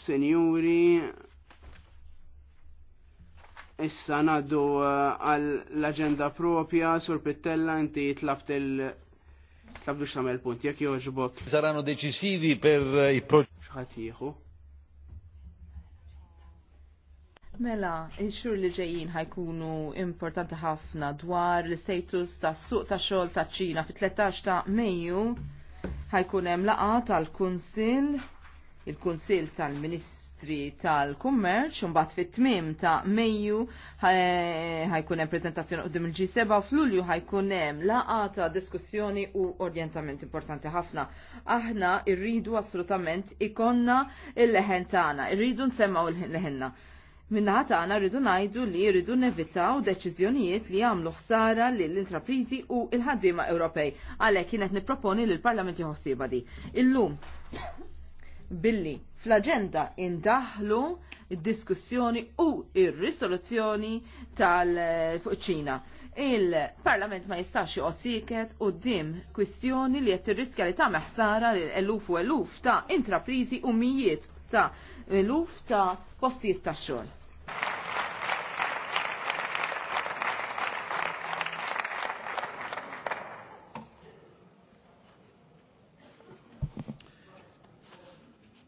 Senjuri, issa naddu eh, għal l-agenda propja sur Pittella inti tlabt il- tlabdu xamel punt, jek joġbok. Sarano deċisivi per eh, i proġetti. Xħatiħu. Mela, il-xur li ġejjin ħajkunu importanti ħafna dwar l-status ta' suq ta' xogħol ta' ċina fit-13 ta' Mejju ħajkun hemm laqa tal-Kunsill il-Kunsil tal-Ministri tal-Kummerċ, mbagħad fit-tmiem ta' Mejju ħajkun hemm prezentazzjoni qudiem il-G7 f'Lulju ħajkun hemm laqgħa ta' diskussjoni u orjentament importanti ħafna. Aħna rridu assolutament ikonna il-leħen tagħna, irridu nsemmaw il-leħenna. Minnaħat tagħna rridu ngħidu li rridu nevitaw deċiżjonijiet li jagħmlu ħsara lill intraprizi u l-ħaddiema Ewropej. Għalhekk kienet nipproponi li l-Parlament jħossiba di. Illum billi fl-agenda indaħlu il diskussjoni u il risoluzzjoni tal eh, ċina. Il-Parlament ma jistax joqgħod siket u dim kwistjoni li qed tirriskja li tagħmel ħsara lil eluf u eluf ta' intraprizi u mijiet ta' eluf ta' postijiet tax-xogħol.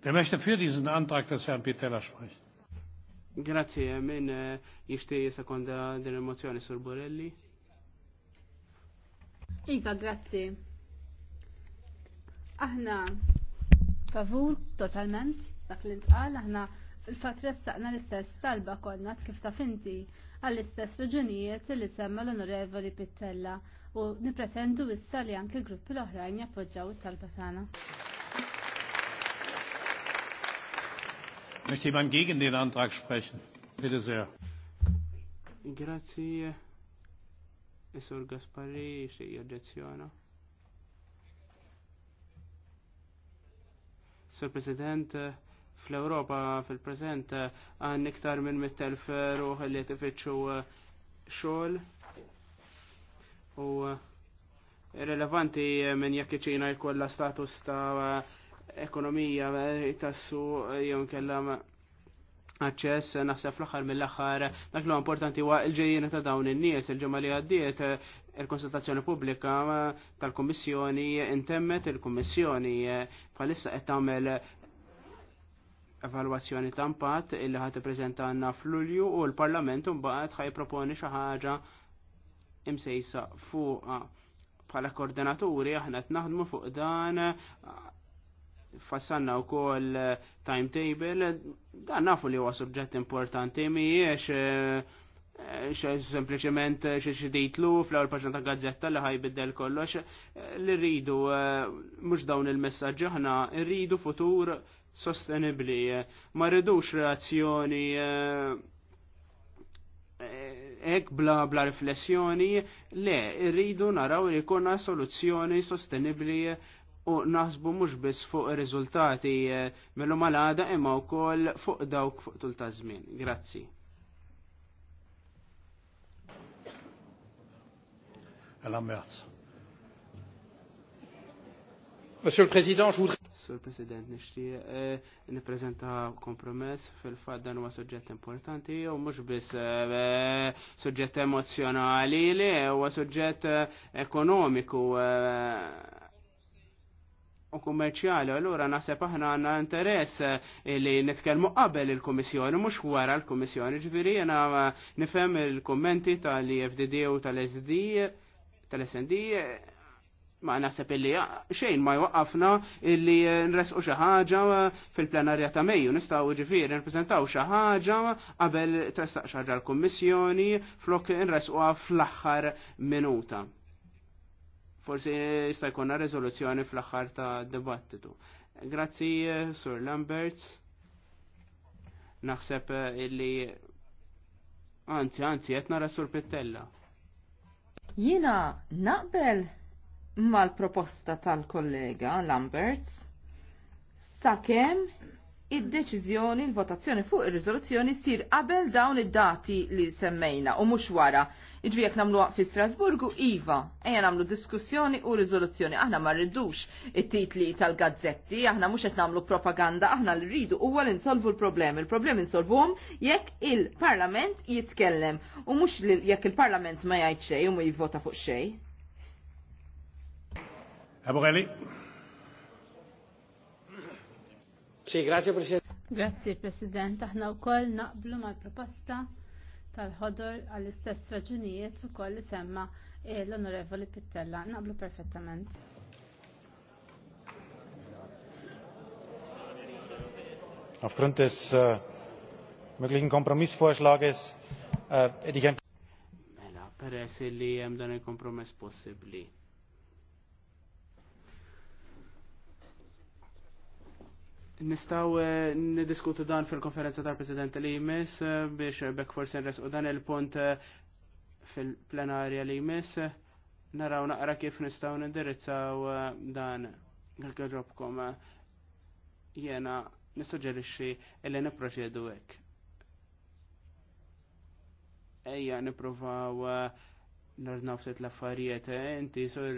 Wer möchte für diesen Antrag des Herrn Pitella sprechen? Grazie, min eh, jishti sekonda din il-mozzjoni sur Borelli. Iva, grazzi. Aħna favur totalment dak li ntqal, aħna il-fat saqna l-istess talba konnat kif taf inti għall-istess raġunijiet li semma l-onorevoli Pittella u nipretendu issa li anke gruppi l-oħrajn jappoġġaw it-talba tagħna. Möchte jemand gegen den Antrag sprechen? Bitte sehr. Grazie. Esor Gaspari, se io jaddezzjona. Sir President, fl-Europa fil-prezent għan iktar minn 100.000 ruħ li tifittxu uh, xol u irrelevanti minn jekk iċina jkollha status ta' ekonomija eh, tassu eh, jom kella aċċess eh, naħseb fl-aħħar mill-aħħar dak li importanti huwa il-ġejjina ta' dawn in-nies il-ġimgħa li għaddiet il-konsultazzjoni pubblika tal-Kummissjoni intemmet il-Kummissjoni bħalissa qed tagħmel evalwazzjoni ta' impatt illi ħad fl f'Lulju u l-Parlament imbagħad ħajproponi xi ħaġa imsejsa fuqa bħala koordinaturi aħna qed naħdmu fuq dan fassanna u kol eh, timetable, dan nafu li huwa suġġett importanti, miex eh, eh, sempliciment xie xiditlu fl-ewwel paġna ta' gazzetta li ħajbiddel kollox li rridu mhux dawn il-messaġġi aħna rridu futur sostenibbli. Ma rridux reazzjoni ek bla bla riflessjoni, le, rridu naraw li jkunna soluzzjoni sostenibbli u naħsbu mhux biss fuq ir-riżultati eh, mill mela malada imma wkoll fuq dawk fuq tul ta' żmien. Grazzi. Monsieur le Président, je voudrais... Sur President, nishti eh, niprezenta kompromess fil-fat dan huwa soġġett importanti u mhux biss eh, sujet emozjonali et huwa sujet ekonomiku u kummerċjali, allura naħseb aħna għandna interess eh, li nitkellmu qabel il-Kummissjoni, mhux wara l-Kummissjoni, ġifieri jiena eh, nifhem il-kummenti tal-FDD u tal-SD tal-SND eh, ma naħseb illi xejn ma jwaqqafna illi nresqu xi ħaġa fil-plenarja ta' Mejju nistgħu ġifieri nippreżentaw xi ħaġa qabel tressaq xi ħaġa l-Kummissjoni flok nresquha fl-aħħar minuta forsi jista' jkollna rezoluzzjoni fl-aħħar ta' dibattitu. Grazzi eh, Sur Lamberts. Naħseb eh, illi anzi anzi qed nara Sur Pittella. Jiena naqbel mal-proposta tal-kollega Lamberts sakemm id-deċiżjoni l-votazzjoni fuq ir-riżoluzzjoni sir qabel dawn id-dati li semmejna u mhux wara Iġbi jek namlu fi Strasburgu, Iva, eja namlu diskussjoni u rizoluzzjoni. Aħna ma rridux it-titli tal-gazzetti, aħna mux qed namlu propaganda, aħna li rridu u għal insolvu l-problemi. Il-problemi għom jekk il-parlament jitkellem u mux jekk il-parlament ma jgħid xej u ma jivvota fuq xej. Abu Ghali. Sì, grazie Presidente. Grazie Presidente, aħna wkoll naqblu mal-proposta tal-ħodor għall-istess raġunijiet ukoll li semma eh, l-Onorevoli Pittella. Naqblu perfettament. Aufgrund des äh, möglichen Kompromissvorschlages äh, hätte ich ein Mela, peress li hemm dan il kompromiss possibli. Nistaw eh, nidiskutu dan fil-konferenza tal-President li jmiss eh, biex bekk forsi nresqu dan il-punt eh, fil-plenarja li jmiss. Naraw naqra kif nistaw nindirizzaw dan il-għagħobkom jena nistuġġerixxi illi niproċedu hekk. Ejja nippruvaw uh, nar nafset l-affarijiet, eh? inti sur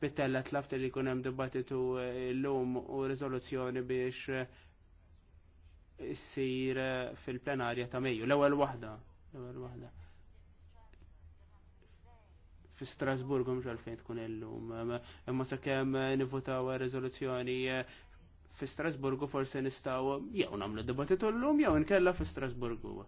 bittella eh, tlaft li kunem hemm dibattitu eh, l-lum u rizoluzzjoni biex issir fil-plenarja ta' Mejju, l-ewwel waħda, l ewel wahda. Fi Strasburgu mhux għalfejn tkun illum, imma sakemm nivutaw riżoluzzjoni fi Strasburgu forse nistgħu jew nagħmlu dibattitu llum jew nkella fi Strasburgu.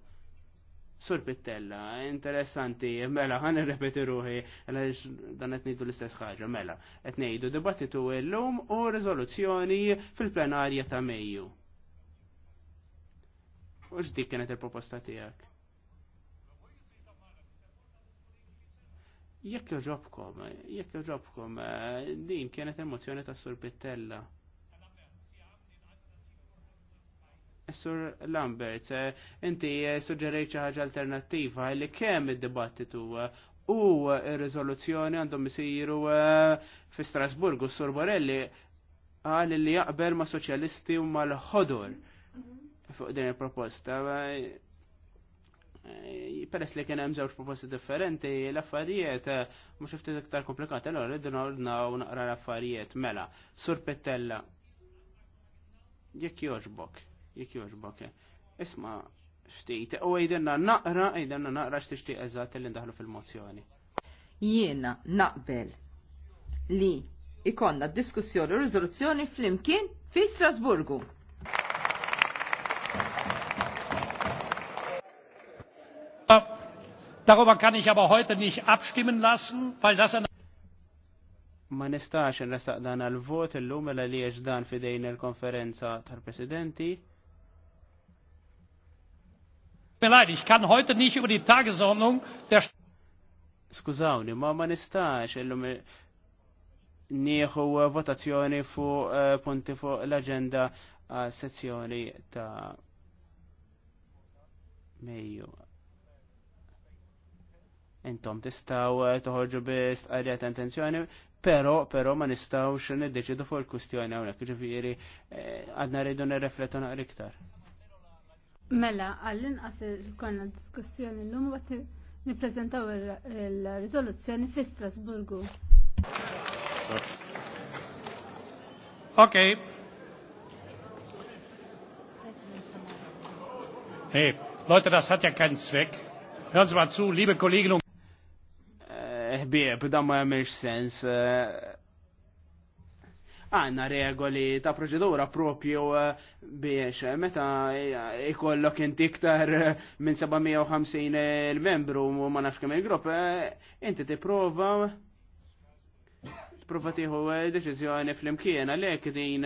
Sur Pittella, interessanti, mela, ħan irrepeti ruħi, dan qed l-istess ħaġa, mela, qed ngħidu dibattitu llum u riżoluzzjoni fil-plenarja ta' Mejju. U x'dik kienet il-proposta tiegħek? Jekk joġobkom, jekk joġobkom, eh, din kienet emozjoni ta' Sur Pittella. Sur Lambert, eh, inti eh, suġġerejt xi ħaġa alternattiva li kemm id-dibattitu eh, u r-riżoluzzjoni għandhom isiru fi Strasburgu Sur Borelli għal li jaqbel ma' soċjalisti u mal-ħodur fuq din il-proposta peress li kien hemm żewġ proposti differenti, l-affarijiet mhux ftit iktar komplikati, allora rridu nordna u naqra l-affarijiet mela. Sur Pittella, jekk jogħġbok jek joġbok. Eh. Isma, xtejt, eh, u għajdenna naqra, għajdenna naqra xtixti eżat li ndaħlu fil-mozzjoni. Jiena naqbel li ikonna diskussjoni u rizoluzzjoni fl-imkien fi Strasburgu. Darüber kann ich aber heute nicht abstimmen lassen, weil das eine ma nistax nresaq dan għal-vot illum mela li dan fidejn il-konferenza tal-presidenti mir leid, ich kann heute nicht über die Tagesordnung der Skużawni, ma ma nistax illum nieħu uh, votazzjoni fu uh, punti fuq l-agenda uh, sezzjoni ta' Mejju. Intom tistaw toħorġu bis għalja ta' intenzjoni, pero, pero ma nistawx niddeċidu fuq il-kustjoni hawnhekk, ġifieri eh, għadna rridu nirreflettu naqra iktar. Mela, għall-inqas konna diskussjoni l-lum għat niprezentaw il-rizoluzzjoni fi Strasburgu. Ok. Hey, Leute, das hat ja keinen Zweck. Hören Sie mal zu, liebe Kollegen und... Äh, eh, Bieb, da mal mich sens. Eh, għanna regoli ta' proċedura propju eh, biex eh, meta eh, ikollok inti iktar minn 750 il-membru u ma nafx kemm il-grupp, inti tipprova prova tieħu deċiżjoni fl għalhekk din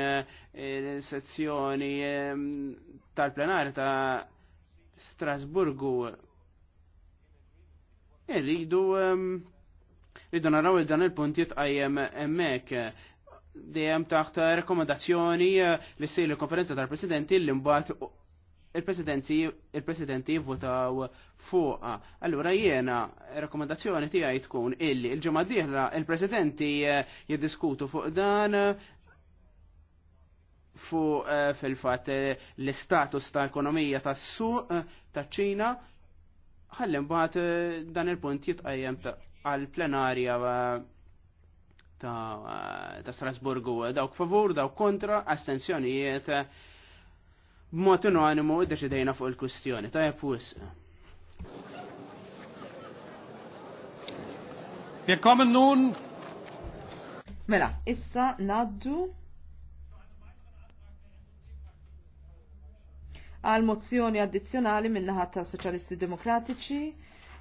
sezzjoni ehm, tal-plenar ta' Strasburgu irridu ehm, rridu naraw il dan il-punt jitqajjem hemmhekk dejjem taħt eh, rekomendazzjoni eh, li s il-konferenza tal-presidenti li mbagħad il-presidenti il-presidenti votaw fuqa. Allura jiena rekomendazzjoni tiegħi tkun illi il-ġimgħa dieħla il-presidenti eh, jiddiskutu fuq dan fuq fil-fatt l-istatus ta' ekonomija tas-suq ta' ċina ħalli mbagħad dan il-punt jitqajjem għal plenarja ta', ta Strasburgu dawk favur, dawk kontra, astensjonijiet b'mod unanimu deċidejna fuq il kustjoni Ta' jepus. Jekkomen nun. Mela, issa naddu għal mozzjoni addizzjonali minnaħat ta' Soċjalisti Demokratiċi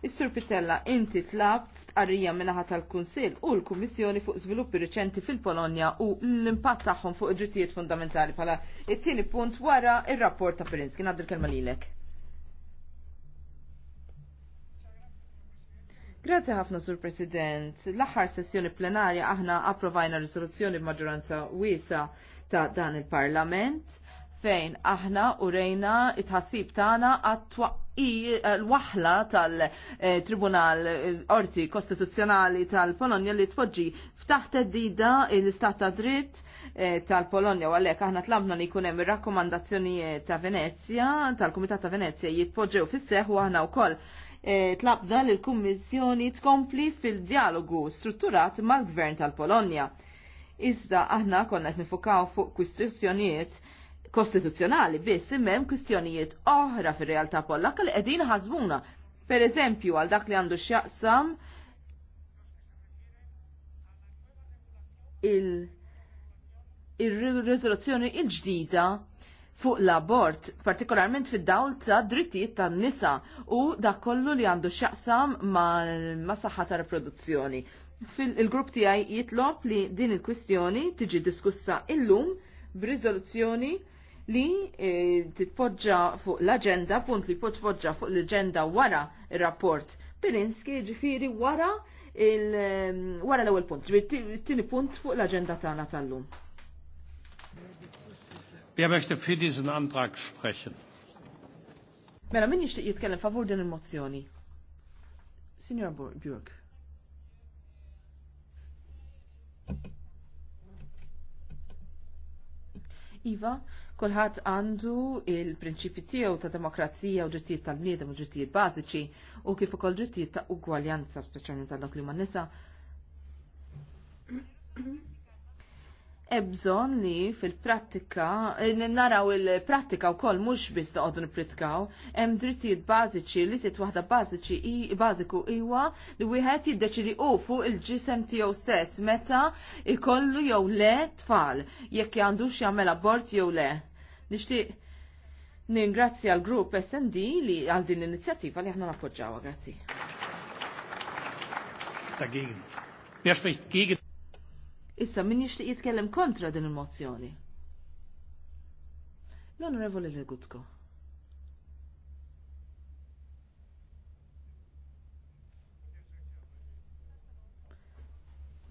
Is-Sur Pitella inti tlabt stqarrija minnaħa tal-Kunsill u l-Kummissjoni fuq żviluppi riċenti fil-Polonja u l-impatt tagħhom fuq id-drittijiet fundamentali bħala it-tieni punt wara ir-rapport ta' Prinski. Ngħaddi l-kelma lilek. Grazie ħafna, Sur President. L-aħħar sessjoni plenarja aħna approvajna risoluzzjoni b'maġġoranza wiesa ta' dan il-Parlament fejn aħna u rejna it-ħassib tagħna għat-twaqqi eh, l-waħla tal-Tribunal eh, eh, Orti Kostituzzjonali tal-Polonja li tpoġġi ftaħt id-dida l-istat ta' dritt tal-Polonja u għalhekk aħna tlabna li jkun hemm ir-rakkomandazzjonijiet ta' Venezja tal-Kumitat ta' Venezja jitpoġġew fis-seħħ u aħna wkoll tlabna li l-Kummissjoni tkompli fil-dialogu strutturat mal-Gvern tal-Polonja. Iżda aħna konna nifukaw fuq kwistjonijiet kostituzzjonali biss imem kwistjonijiet oħra fir-realtà pollaka li qegħdin ħażbuna. Per eżempju għal dak li għandu x'jaqsam il-riżoluzzjoni il il-ġdida fuq l-abort, partikolarment fid-dawl ta' drittijiet tan nisa u da' kollu li għandu x'jaqsam ma' saħħa ta' riproduzzjoni. Fil-grupp tiegħi jitlob li din il-kwistjoni tiġi diskussa illum b'riżoluzzjoni li eh, titpoġġa fuq l-agenda, punt li titpoġġa fuq l-agenda wara il-rapport Pilinski, ġifiri wara ehm, wara l-ewwel punt, tieni punt fuq l-agenda tagħna tal-lum. Wer möchte für diesen Antrag sprechen? Mela min jixtieq jitkellem favur din il-mozzjoni? Signor Björk. Iva, Kulħadd għandu il-prinċipi tiegħu ta' demokrazija u drittijiet tal-bniedem u drittijiet bażiċi u kif ukoll drittijiet ta' ugwaljanza speċjalment għal dak li nisa. Ebżon li fil-prattika, eh, naraw il-prattika u koll mux biz odun nipritkaw, hemm drittijiet bażiċi li tit waħda bażiċi bażiku iwa li wieħed jiddeċidi u fuq il-ġisem tiegħu stess meta ikollu jew le tfal jekk għandux jagħmel abort jew le. Nixtieq Ningrazzja l-grupp SND li għal din l-inizjattiva li aħna nappoġġawha, grazzi. Issa min jixtieq jitkellem kontra din il-mozzjoni? L-Onorevoli Legutko.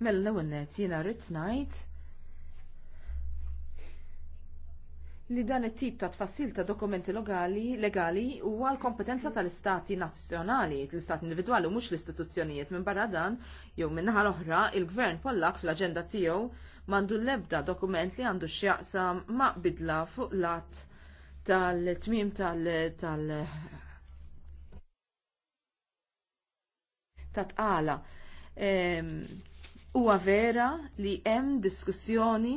Mella l-ewwel jiena rrid ngħid li dan it-tip ta' tfassil ta' dokumenti legali, legali huwa l-kompetenza tal-istati nazzjonali, l-istat individwali u mhux l-istituzzjonijiet minn barra dan jew minn l-oħra il-gvern Pollak fl-aġenda tiegħu mandu l-ebda dokument li għandu x'jaqsam ma' bidla fuq lat tal-tmim tal- tal tatqala. Huwa vera li hemm diskussjoni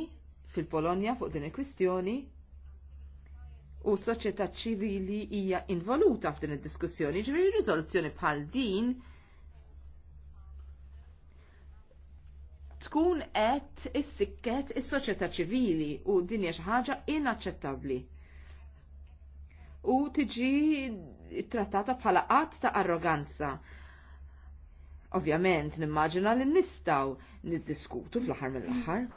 fil-Polonja fuq din il-kwistjoni u soċjetà ċivili hija involuta f'din id-diskussjoni, ġifieri riżoluzzjoni bħal din tkun qed issikket is-soċjetà ċivili u din hija xi ħaġa inaċċettabbli. U tiġi trattata bħala qatt ta' arroganza. Ovvjament nimmaġina li nistgħu niddiskutu fl-aħħar mill-aħħar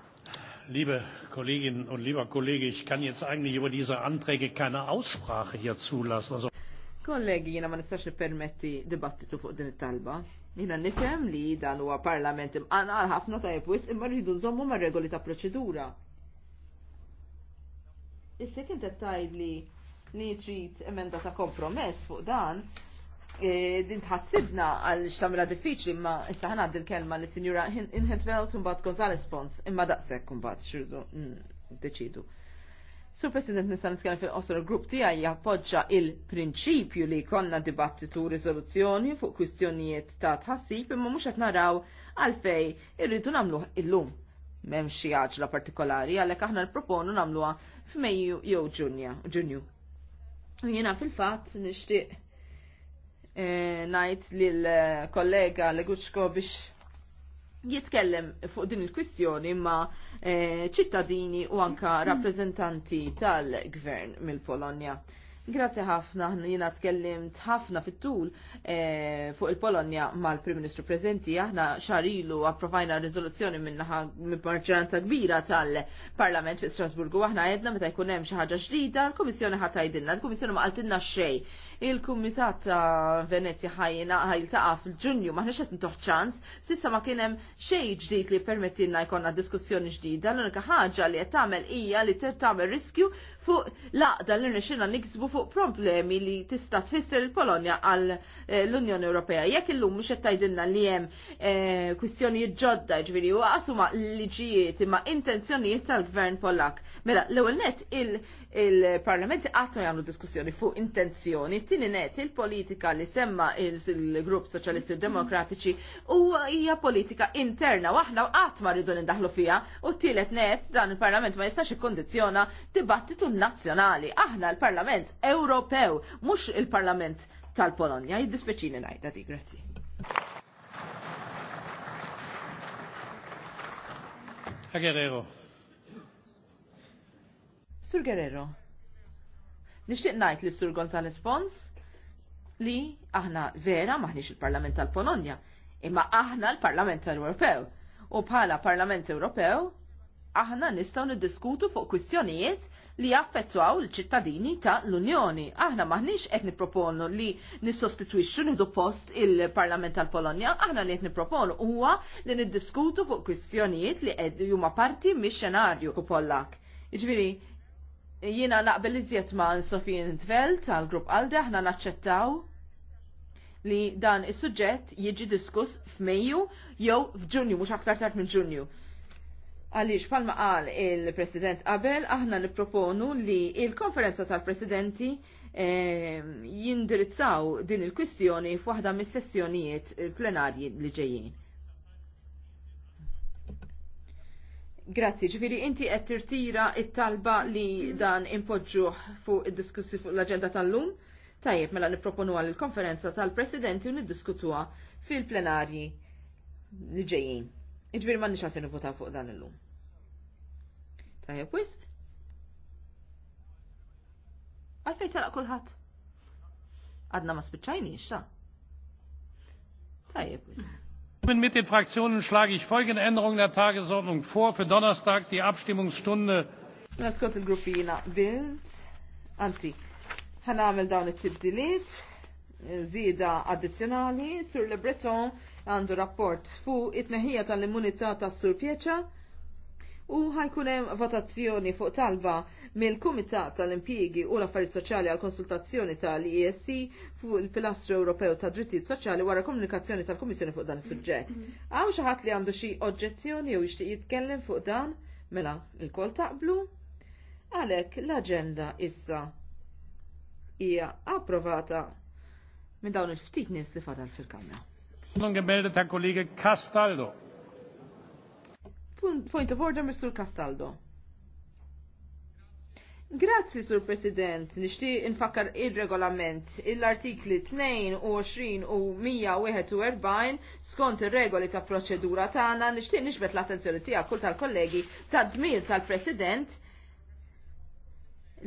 liebe Kolleginnen und lieber Kollege, ich kann jetzt eigentlich über diese Anträge keine Aussprache hier zulassen. Also Kollegi, jina ma nistax permetti dibattitu fuq din it-talba. Jina nifhem li dan huwa parlament imqan għal ħafna tajb wisq imma rridu nżommu ma' regoli ta' proċedura. Issa inti tgħid li li trid emenda ta' kompromess fuq dan, E, din tħassibna għal xtamra diffiċli imma issa għad il-kelma li sinjura un mbagħad Gonzales Pons imma daqshekk bat xurdu mm, deċidu. Sur President nista' nitkellem fil-qosor grupp tiegħi jappoġġa il-prinċipju li jkollna dibattitu rizoluzzjoni fuq kwistjonijiet ta' tħassib imma mhux qed naraw għalfej irridu nagħmluh illum. M'hemm xi għaġla partikolari għalek aħna nipproponu nagħmluha f'Mejju jew Ġunja, Ġunju. Jiena fil-fatt nixtieq Eh, najt lill-kollega eh, Leguċko biex jitkellem fuq din il-kwistjoni ma' eh, ċittadini u anka rappresentanti tal-gvern mill-Polonja. Grazie ħafna, jina tkellimt ħafna fit-tul fuq il-Polonja mal-Prim Ministru prezenti, aħna xarilu approvajna rizoluzzjoni minn maġġoranza kbira tal-Parlament fi Strasburgu, aħna għedna meta jkun hemm xi ħaġa ġdida, l-Kummissjoni ħatajdilna, l-Kummissjoni ma qaltilna xejn il-Kumitat ta' Venezia ħajna ħajltaqa fil-Ġunju maħniex qed ntoħ ċans, sissa ma kien hemm xejn ġdid li permettinna jkollna diskussjoni ġdida, l-unika ħaġa li qed tagħmel hija li trid tagħmel riskju fuq laqda li nixxilna niksbu fuq problemi li tista' tfisser il-Polonja għal eh, l-Unjoni Ewropea. Jekk illum mhux qed tgħidilna li hemm eh, kwistjonijiet ġodda ġifieri u qasuma liġijiet imma intenzjonijiet tal-Gvern Polak. Mela l-ewwel net il- il-parlamenti għatmu jgħamlu diskussjoni fuq intenzjoni, tini net il-politika li semma il-grupp soċjalisti demokratiċi u hija politika interna u aħna għatma rridu nindaħlu fija u tielet net dan il-parlament ma jistax ikkondizjona dibattitu nazzjonali. Aħna il-parlament Ewropew, mux il-parlament tal-Polonja, jiddispeċini najta di, grazzi. Herr Sur Guerrero. Nixtieq ngħid li Sur Gonzales Pons li aħna vera maħniex il-Parlament tal-Polonja, imma aħna l-Parlament tal Ewropew. U bħala Parlament Ewropew, aħna nistgħu niddiskutu fuq kwistjonijiet li affettwaw l-ċittadini ta' l-Unjoni. Aħna maħniex qed nipproponu li nissostitwixxu nidu post il-Parlament tal-Polonja, aħna li qed nipproponu huwa li niddiskutu fuq kwistjonijiet li huma parti mix-xenarju Pollak. Jiġifieri, Jina naqbel iżjed ma' Sofien Intveld tal-Grupp Alde ħna naċċettaw li dan is suġġett jiġi diskuss f'Mejju jew f'Ġunju, mhux aktar tard minn Ġunju. Għaliex palma qal il-President qabel aħna nipproponu li il-konferenza tal-Presidenti ehm, jindirizzaw din il-kwistjoni f'waħda mis-sessjonijiet plenarji li ġejjin. Grazzi, ġifiri, inti qed tirtira it-talba li dan impoġġu fuq id-diskussi fuq l-agenda tal-lum? Tajjeb, mela nipproponu għal il-konferenza tal-presidenti u niddiskutuha fil-plenarji li ġejjin. Iġbir ma nix għalfejn votaw fuq dan il-lum. Tajjeb, wis? Għalfejn taraq kulħadd? Għadna ma spiċċajni, xa? Tajjeb, wis. Zusammen mit den fraktionen schlage ich folgende änderung der tagesordnung vor für donnerstag die abstimmungsstunde Naskont dawn it-tibdiliet, zida addizjonali, sur le Breton għandu rapport fu it-neħija tal-immunità tas-sur Pieċa, u ħajkunem hemm votazzjoni fuq talba mill-Kumitat tal-Impjigi u l-Affarijiet Soċjali għal konsultazzjoni tal isc fuq il-Pilastru Ewropew ta' Drittijiet Soċjali wara komunikazzjoni tal-Kummissjoni fuq dan is-suġġett. Hawn xi ħadd li għandu xi oġġezzjoni jew jixtieq jitkellem fuq dan mela l kol taqblu? Għalhekk l-aġenda issa hija approvata minn dawn il-ftit nies li fadal fil-Kamra. Non geberde ta' kollega Castaldo. Point of order, Mr. Castaldo. Grazzi, Sur President, nishti infakkar il-regolament. Il-artikli 22 u 141 skont il-regoli ta' proċedura tagħna nixtieq nixbet l-attenzjoni tija kull tal-kollegi ta' dmir tal-President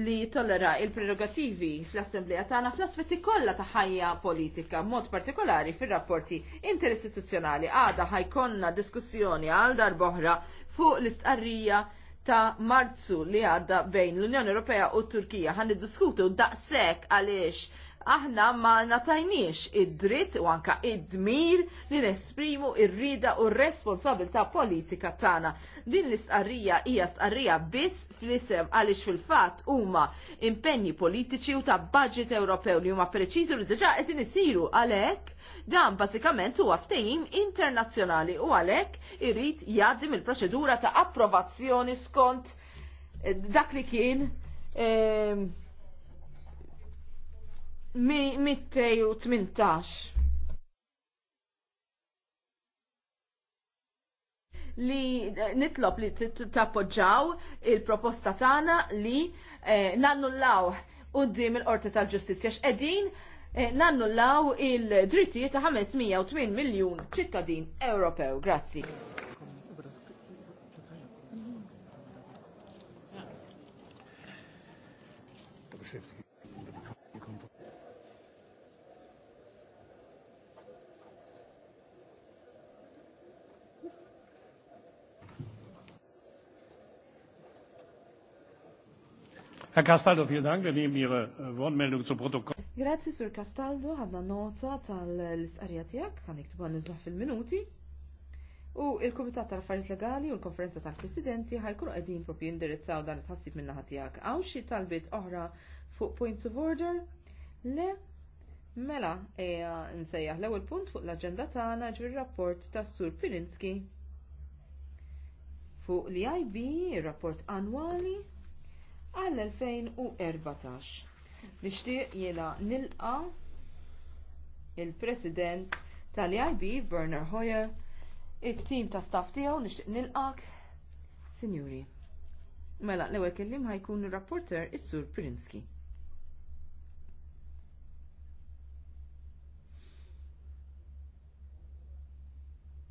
li jitollera il-prerogativi fl-Assembleja tagħna fl-aspetti kollha ta' ħajja politika, mod partikolari fir-rapporti interistituzzjonali. Għada ħajkonna diskussjoni għal darboħra fuq l-istqarrija ta' Marzu li għadda bejn l-Unjoni Ewropea u Turkija ħan diskutu daqshekk għaliex aħna ma natajniex id-dritt u anka id-dmir li nesprimu ir-rida u r-responsabilta politika tagħna. Din l-istqarrija hija stqarrija biss fl-isem għaliex fil-fatt huma impenji politiċi u ta' budget Ewropew li huma preċiżi li diġà qed isiru għalhekk dan bażikament huwa ftehim internazzjonali u għalhekk irid jgħaddim il-proċedura ta' approvazzjoni skont eh, dak li kien eh, tmintax. li eh, nitlob li tappoġġaw il-proposta tagħna li eh, nannullaw qudiem il-Qorti tal-Ġustizzja x'qegħdin eh, nannullaw il-drittijiet ta' 508 miljun ċittadin Ewropew. Grazzi. Herr Castaldo, vielen Dank. Wir nehmen Ihre äh, Wortmeldung zu Protokoll. Grazie, Sur Castaldo. Għadna nota tal-isqarja tijak, għan iktibu nizluħ fil-minuti. U il-Komitat tal-Affarijiet Legali u l-Konferenza tal-Presidenti ħajkunu qegħdin propju jindirizzaw dan it-ħassib minn naħa tiegħek. Għaw xi talbiet oħra fuq points of order? Le, Mela, eja nsejjaħ l-ewwel punt fuq l-aġenda tagħna ġri rapport tas-Sur Pirinski fuq l-IB, ir-rapport annwali għall-2014. Nixtieq jiena nilqa il-President tal-IB, Werner Hoyer, it-tim ta' staff tiegħu nixtieq nilqak, Sinjuri. Mela, l-ewwel kellim ħajkun ir-rapporter is-Sur Prinski.